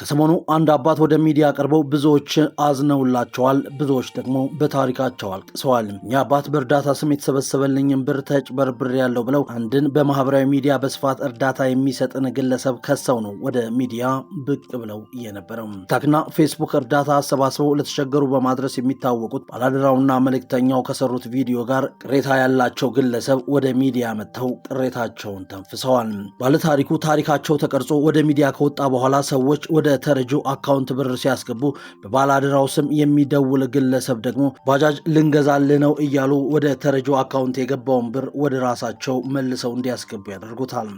ከሰሞኑ አንድ አባት ወደ ሚዲያ ቀርበው ብዙዎች አዝነውላቸዋል፣ ብዙዎች ደግሞ በታሪካቸው አልቅሰዋል። እኚህ አባት በእርዳታ ስም የተሰበሰበልኝን ብር ተጭበርብር ያለው ብለው አንድን በማህበራዊ ሚዲያ በስፋት እርዳታ የሚሰጥን ግለሰብ ከሰው ነው ወደ ሚዲያ ብቅ ብለው የነበረው። ታክና ፌስቡክ እርዳታ አሰባስበው ለተቸገሩ በማድረስ የሚታወቁት ባላደራውና መልእክተኛው ከሰሩት ቪዲዮ ጋር ቅሬታ ያላቸው ግለሰብ ወደ ሚዲያ መጥተው ቅሬታቸውን ተንፍሰዋል። ባለታሪኩ ታሪካቸው ተቀርጾ ወደ ሚዲያ ከወጣ በኋላ ሰዎች ወደ ተረጂው አካውንት ብር ሲያስገቡ በባላድራው ስም የሚደውል ግለሰብ ደግሞ ባጃጅ ልንገዛልህ ነው እያሉ ወደ ተረጂው አካውንት የገባውን ብር ወደ ራሳቸው መልሰው እንዲያስገቡ ያደርጉታል።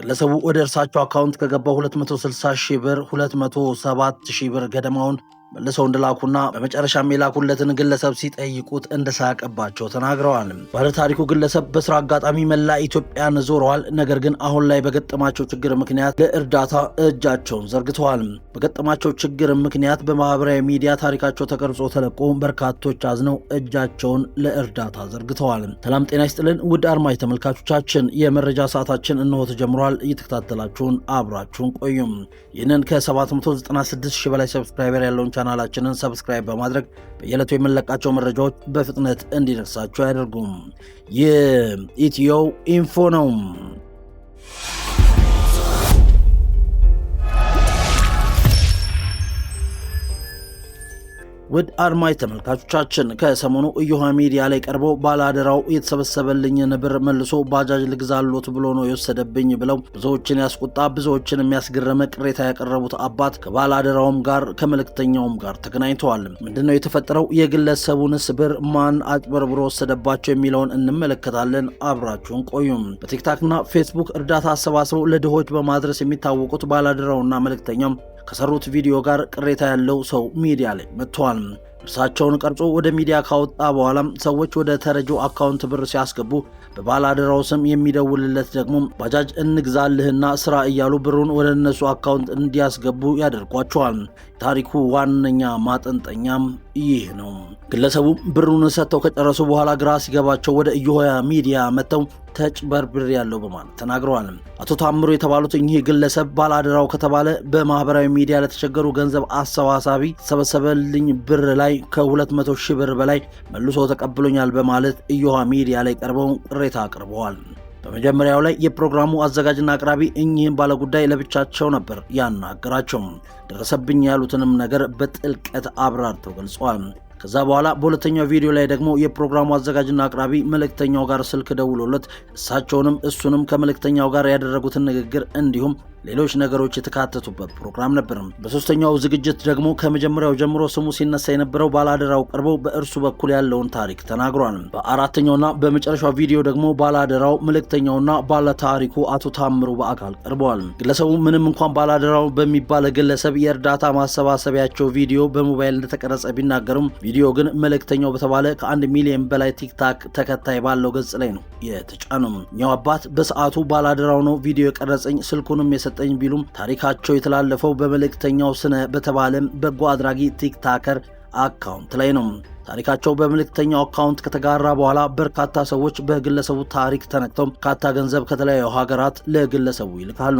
ግለሰቡ ወደ እርሳቸው አካውንት ከገባው 260 ሺህ ብር 207 ሺህ ብር ገደማውን መልሰው እንደላኩና በመጨረሻም የላኩለትን ግለሰብ ሲጠይቁት እንደሳቀባቸው ተናግረዋል። ባለታሪኩ ግለሰብ በስራ አጋጣሚ መላ ኢትዮጵያን ዞረዋል። ነገር ግን አሁን ላይ በገጠማቸው ችግር ምክንያት ለእርዳታ እጃቸውን ዘርግተዋል። በገጠማቸው ችግር ምክንያት በማህበራዊ ሚዲያ ታሪካቸው ተቀርጾ ተለቆ በርካቶች አዝነው እጃቸውን ለእርዳታ ዘርግተዋል። ሰላም ጤና ይስጥልን ውድ አድማጭ ተመልካቾቻችን፣ የመረጃ ሰዓታችን እንሆ ተጀምሯል። እየተከታተላችሁን አብራችሁን ቆዩም። ይህንን ከ796 ሺህ በላይ ሰብስክራይበር ያለውን ቻናላችንን ሰብስክራይብ በማድረግ በየዕለቱ የምንለቃቸው መረጃዎች በፍጥነት እንዲደርሳቸው ያደርጉም። ይህ ኢትዮ ኢንፎ ነው። ውድ አድማጭ ተመልካቾቻችን ከሰሞኑ እዮሃ ሚዲያ ላይ ቀርበው ባላደራው የተሰበሰበልኝን ብር መልሶ ባጃጅ ልግዛሎት ብሎ ነው የወሰደብኝ ብለው ብዙዎችን ያስቆጣ ብዙዎችን የሚያስገረመ ቅሬታ ያቀረቡት አባት ከባላደራውም ጋር ከመልእክተኛውም ጋር ተገናኝተዋል። ምንድነው የተፈጠረው? የግለሰቡንስ ብር ማን አጭበርብሮ ወሰደባቸው የሚለውን እንመለከታለን። አብራችሁን ቆዩም። በቲክታክና ፌስቡክ እርዳታ አሰባስበው ለድሆች በማድረስ የሚታወቁት ባላደራውና መልእክተኛው ከሰሩት ቪዲዮ ጋር ቅሬታ ያለው ሰው ሚዲያ ላይ መጥተዋል። ተናግረዋል። እርሳቸውን ቀርጾ ወደ ሚዲያ ካወጣ በኋላም ሰዎች ወደ ተረጂው አካውንት ብር ሲያስገቡ በባላደራው ስም የሚደውልለት ደግሞ ባጃጅ እንግዛልህና ስራ እያሉ ብሩን ወደ እነሱ አካውንት እንዲያስገቡ ያደርጓቸዋል። ታሪኩ ዋነኛ ማጠንጠኛም ይህ ነው። ግለሰቡ ብሩን ሰጥተው ከጨረሱ በኋላ ግራ ሲገባቸው ወደ እዮሃ ሚዲያ መጥተው ተጭበርብር ያለው በማለት ተናግረዋል። አቶ ታምሮ የተባሉት እኚህ ግለሰብ ባላደራው ከተባለ በማህበራዊ ሚዲያ ለተቸገሩ ገንዘብ አሰባሳቢ ሰበሰበልኝ ብር ላይ ከ200 ሺህ ብር በላይ መልሶ ተቀብሎኛል በማለት እዮሃ ሚዲያ ላይ ቀርበው ቅሬታ አቅርበዋል። በመጀመሪያው ላይ የፕሮግራሙ አዘጋጅና አቅራቢ እኚህን ባለጉዳይ ለብቻቸው ነበር ያናገራቸው። ደረሰብኝ ያሉትንም ነገር በጥልቀት አብራርተው ገልጸዋል። ከዛ በኋላ በሁለተኛው ቪዲዮ ላይ ደግሞ የፕሮግራሙ አዘጋጅና አቅራቢ መልእክተኛው ጋር ስልክ ደውሎለት እሳቸውንም እሱንም ከመልእክተኛው ጋር ያደረጉትን ንግግር እንዲሁም ሌሎች ነገሮች የተካተቱበት ፕሮግራም ነበር። በሶስተኛው ዝግጅት ደግሞ ከመጀመሪያው ጀምሮ ስሙ ሲነሳ የነበረው ባላደራው ቀርቦ በእርሱ በኩል ያለውን ታሪክ ተናግሯል። በአራተኛውና በመጨረሻው ቪዲዮ ደግሞ ባላደራው፣ መልእክተኛውና ባለታሪኩ አቶ ታምሩ በአካል ቀርበዋል። ግለሰቡ ምንም እንኳን ባላደራው በሚባለ ግለሰብ የእርዳታ ማሰባሰቢያቸው ቪዲዮ በሞባይል እንደተቀረጸ ቢናገሩም ቪዲዮ ግን መልእክተኛው በተባለ ከአንድ ሚሊዮን በላይ ቲክታክ ተከታይ ባለው ገጽ ላይ ነው የተጫነው። እኛው አባት በሰዓቱ ባላደራው ነው ቪዲዮ የቀረጸኝ ስልኩንም የሰጠኝ ቢሉም ታሪካቸው የተላለፈው በመልእክተኛው ስነ በተባለ በጎ አድራጊ ቲክታከር አካውንት ላይ ነው። ታሪካቸው በመልእክተኛው አካውንት ከተጋራ በኋላ በርካታ ሰዎች በግለሰቡ ታሪክ ተነክተው በርካታ ገንዘብ ከተለያዩ ሀገራት ለግለሰቡ ይልካሉ።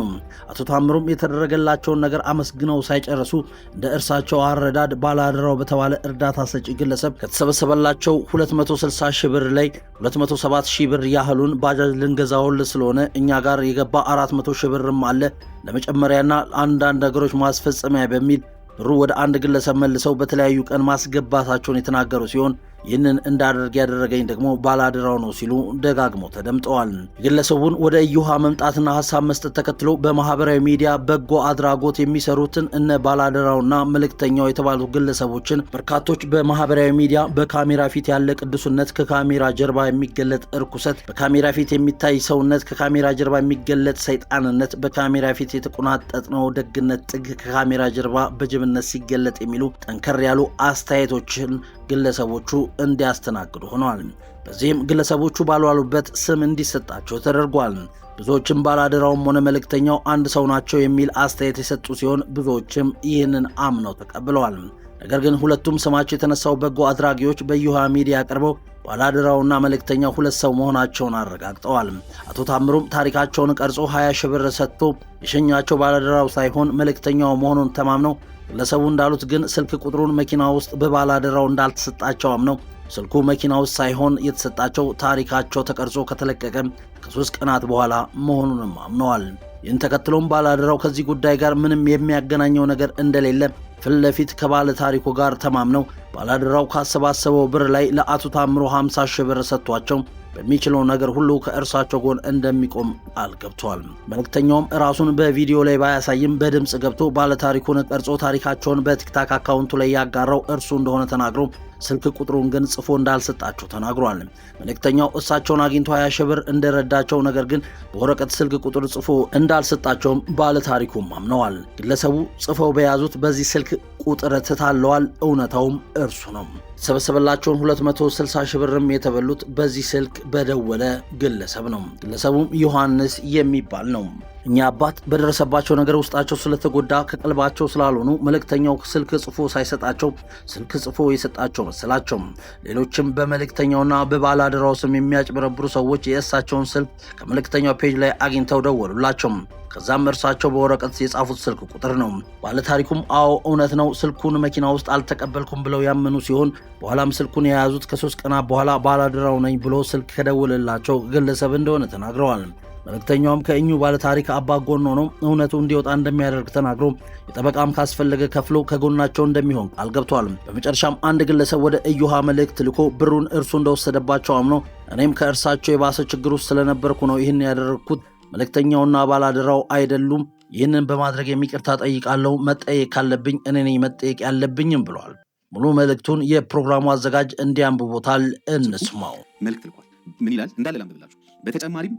አቶ ታምሩም የተደረገላቸውን ነገር አመስግነው ሳይጨርሱ እንደ እርሳቸው አረዳድ ባላደራው በተባለ እርዳታ ሰጪ ግለሰብ ከተሰበሰበላቸው 260 ሺህ ብር ላይ 207 ሺህ ብር ያህሉን ባጃጅ ልንገዛውል ስለሆነ እኛ ጋር የገባ 400 ሺህ ብርም አለ ለመጨመሪያና አንዳንድ ነገሮች ማስፈጸሚያ በሚል ብሩ ወደ አንድ ግለሰብ መልሰው በተለያዩ ቀን ማስገባታቸውን የተናገሩ ሲሆን ይህንን እንዳደርግ ያደረገኝ ደግሞ ባላደራው ነው ሲሉ ደጋግሞ ተደምጠዋል። የግለሰቡን ወደ እዩሃ መምጣትና ሀሳብ መስጠት ተከትሎ በማህበራዊ ሚዲያ በጎ አድራጎት የሚሰሩትን እነ ባላደራውና መልእክተኛው የተባሉ ግለሰቦችን በርካቶች በማህበራዊ ሚዲያ በካሜራ ፊት ያለ ቅዱስነት ከካሜራ ጀርባ የሚገለጥ እርኩሰት፣ በካሜራ ፊት የሚታይ ሰውነት ከካሜራ ጀርባ የሚገለጥ ሰይጣንነት፣ በካሜራ ፊት የተቆናጠጥነው ደግነት ጥግ ከካሜራ ጀርባ በጅብነት ሲገለጥ የሚሉ ጠንከር ያሉ አስተያየቶችን ግለሰቦቹ እንዲያስተናግዱ ሆነዋል። በዚህም ግለሰቦቹ ባልዋሉበት ስም እንዲሰጣቸው ተደርጓል። ብዙዎችም ባላደራውም ሆነ መልእክተኛው አንድ ሰው ናቸው የሚል አስተያየት የሰጡ ሲሆን ብዙዎችም ይህንን አምነው ተቀብለዋል። ነገር ግን ሁለቱም ስማቸው የተነሳው በጎ አድራጊዎች በዩሃ ሚዲያ ቀርበው ባላደራውና መልእክተኛው ሁለት ሰው መሆናቸውን አረጋግጠዋል። አቶ ታምሩም ታሪካቸውን ቀርጾ 20 ሺህ ብር ሰጥቶ የሸኛቸው ባላደራው ሳይሆን መልእክተኛው መሆኑን ተማምነው ግለሰቡ እንዳሉት ግን ስልክ ቁጥሩን መኪና ውስጥ በባላደራው እንዳልተሰጣቸው አምነው ስልኩ መኪና ውስጥ ሳይሆን የተሰጣቸው ታሪካቸው ተቀርጾ ከተለቀቀ ከሶስት ቀናት በኋላ መሆኑንም አምነዋል። ይህን ተከትሎም ባላደራው ከዚህ ጉዳይ ጋር ምንም የሚያገናኘው ነገር እንደሌለ ፊት ለፊት ከባለ ታሪኩ ጋር ተማምነው ባላደራው ካሰባሰበው ብር ላይ ለአቶ ታምሮ 50 ሺህ ብር ሰጥቷቸው በሚችለው ነገር ሁሉ ከእርሳቸው ጎን እንደሚቆም አልገብቷል። መልእክተኛውም ራሱን በቪዲዮ ላይ ባያሳይም በድምፅ ገብቶ ባለታሪኩን ቀርጾ ታሪካቸውን በቲክታክ አካውንቱ ላይ ያጋራው እርሱ እንደሆነ ተናግሮ ስልክ ቁጥሩን ግን ጽፎ እንዳልሰጣቸው ተናግሯል። መልእክተኛው እሳቸውን አግኝቶ ሀያ ሺህ ብር እንደረዳቸው ነገር ግን በወረቀት ስልክ ቁጥር ጽፎ እንዳልሰጣቸውም ባለታሪኩም አምነዋል። ግለሰቡ ጽፈው በያዙት በዚህ ስልክ ቁጥር ትታለዋል። እውነታውም እርሱ ነው። ሰበሰበላቸውን 260 ሺህ ብርም የተበሉት በዚህ ስልክ በደወለ ግለሰብ ነው። ግለሰቡም ዮሐንስ የሚባል ነው። እኛ አባት በደረሰባቸው ነገር ውስጣቸው ስለተጎዳ ከቀልባቸው ስላልሆኑ መልእክተኛው ስልክ ጽፎ ሳይሰጣቸው ስልክ ጽፎ የሰጣቸው መሰላቸው። ሌሎችም በመልእክተኛውና በባለአደራው ስም የሚያጭበረብሩ ሰዎች የእሳቸውን ስልክ ከመልእክተኛው ፔጅ ላይ አግኝተው ደወሉላቸው። ከዛም እርሳቸው በወረቀት የጻፉት ስልክ ቁጥር ነው። ባለታሪኩም አዎ እውነት ነው፣ ስልኩን መኪና ውስጥ አልተቀበልኩም ብለው ያመኑ ሲሆን በኋላም ስልኩን የያዙት ከሶስት ቀናት በኋላ ባላደራው ነኝ ብሎ ስልክ ከደወለላቸው ግለሰብ እንደሆነ ተናግረዋል። መልእክተኛውም ከእኙ ባለታሪክ አባ ጎን ሆኖ እውነቱ እንዲወጣ እንደሚያደርግ ተናግሮ የጠበቃም ካስፈለገ ከፍሎ ከጎናቸው እንደሚሆን ቃል ገብቷል። በመጨረሻም አንድ ግለሰብ ወደ እዩሃ መልእክት ልኮ ብሩን እርሱ እንደወሰደባቸው አምኖ እኔም ከእርሳቸው የባሰ ችግር ውስጥ ስለነበርኩ ነው ይህን ያደረግኩት መልእክተኛውና ባላደራው አይደሉም። ይህንን በማድረግ የሚቅርታ ጠይቃለሁ። መጠየቅ ካለብኝ እኔ ነኝ መጠየቅ ያለብኝም ብሏል። ሙሉ መልእክቱን የፕሮግራሙ አዘጋጅ እንዲያንብቦታል፣ እንስማው። መልእክት ልኳል። ምን ይላል እንዳለ ላንብብላችሁ። በተጨማሪም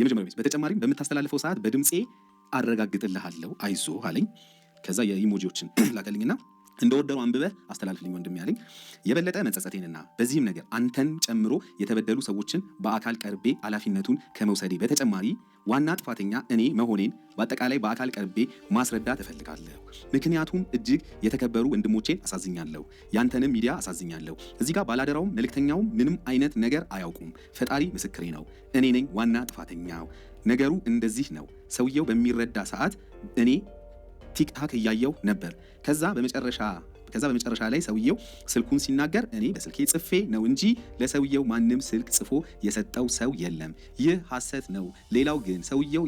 የመጀመሪያ በተጨማሪም በምታስተላልፈው ሰዓት በድምፄ አረጋግጥልሃለሁ አይዞህ አለኝ። ከዛ የኢሞጂዎችን ላከልኝና እንደወደሩ አንብበህ አስተላልፍልኝ ወንድም ያለኝ የበለጠ መጸጸቴንና በዚህም ነገር አንተን ጨምሮ የተበደሉ ሰዎችን በአካል ቀርቤ ኃላፊነቱን ከመውሰዴ በተጨማሪ ዋና ጥፋተኛ እኔ መሆኔን በአጠቃላይ በአካል ቀርቤ ማስረዳት እፈልጋለሁ። ምክንያቱም እጅግ የተከበሩ ወንድሞቼን አሳዝኛለሁ፣ ያንተንም ሚዲያ አሳዝኛለሁ። እዚህ ጋር ባላደራውም መልእክተኛውም ምንም አይነት ነገር አያውቁም። ፈጣሪ ምስክሬ ነው። እኔ ነኝ ዋና ጥፋተኛው። ነገሩ እንደዚህ ነው። ሰውየው በሚረዳ ሰዓት እኔ ቲክታክ እያየው ነበር። ከዛ በመጨረሻ ከዛ በመጨረሻ ላይ ሰውየው ስልኩን ሲናገር እኔ በስልኬ ጽፌ ነው እንጂ ለሰውየው ማንም ስልክ ጽፎ የሰጠው ሰው የለም፣ ይህ ሐሰት ነው። ሌላው ግን ሰውየው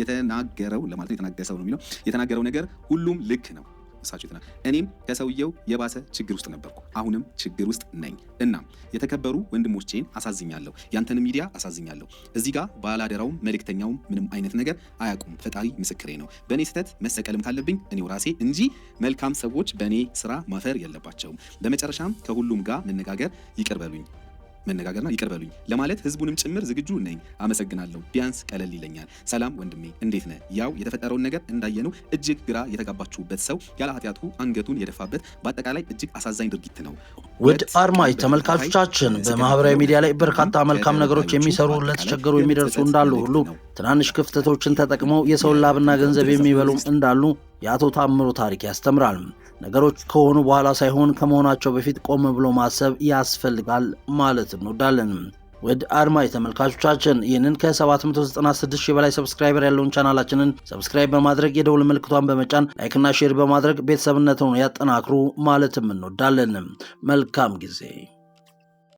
የተናገረው ለማለት የተናገሰው ነው የሚለው የተናገረው ነገር ሁሉም ልክ ነው እሳቸው የተና እኔም ከሰውየው የባሰ ችግር ውስጥ ነበርኩ፣ አሁንም ችግር ውስጥ ነኝ። እናም የተከበሩ ወንድሞቼን አሳዝኛለሁ፣ ያንተን ሚዲያ አሳዝኛለሁ። እዚህ ጋር ባላደራውም መልእክተኛውም ምንም አይነት ነገር አያውቁም። ፈጣሪ ምስክሬ ነው። በእኔ ስህተት መሰቀልም ካለብኝ እኔው ራሴ እንጂ መልካም ሰዎች በእኔ ስራ ማፈር የለባቸውም። በመጨረሻም ከሁሉም ጋር መነጋገር ይቅር መነጋገር ይቅር በሉኝ ለማለት ህዝቡንም ጭምር ዝግጁ ነኝ። አመሰግናለሁ። ቢያንስ ቀለል ይለኛል። ሰላም ወንድሜ፣ እንዴት ነህ? ያው የተፈጠረውን ነገር እንዳየነው እጅግ ግራ የተጋባችሁበት ሰው ያለ ኃጢአቱ አንገቱን የደፋበት በአጠቃላይ እጅግ አሳዛኝ ድርጊት ነው። ውድ አድማጭ ተመልካቾቻችን፣ በማህበራዊ ሚዲያ ላይ በርካታ መልካም ነገሮች የሚሰሩ ለተቸገሩ የሚደርሱ እንዳሉ ሁሉ ትናንሽ ክፍተቶችን ተጠቅመው የሰውን ላብና ገንዘብ የሚበሉም እንዳሉ የአቶ ታምሩ ታሪክ ያስተምራል። ነገሮች ከሆኑ በኋላ ሳይሆን ከመሆናቸው በፊት ቆም ብሎ ማሰብ ያስፈልጋል ማለት እንወዳለን። ውድ አድማጭ ተመልካቾቻችን ይህንን ከ796 ሺህ በላይ ሰብስክራይበር ያለውን ቻናላችንን ሰብስክራይብ በማድረግ የደውል ምልክቷን በመጫን ላይክና ሼር በማድረግ ቤተሰብነትን ያጠናክሩ ማለትም እንወዳለን። መልካም ጊዜ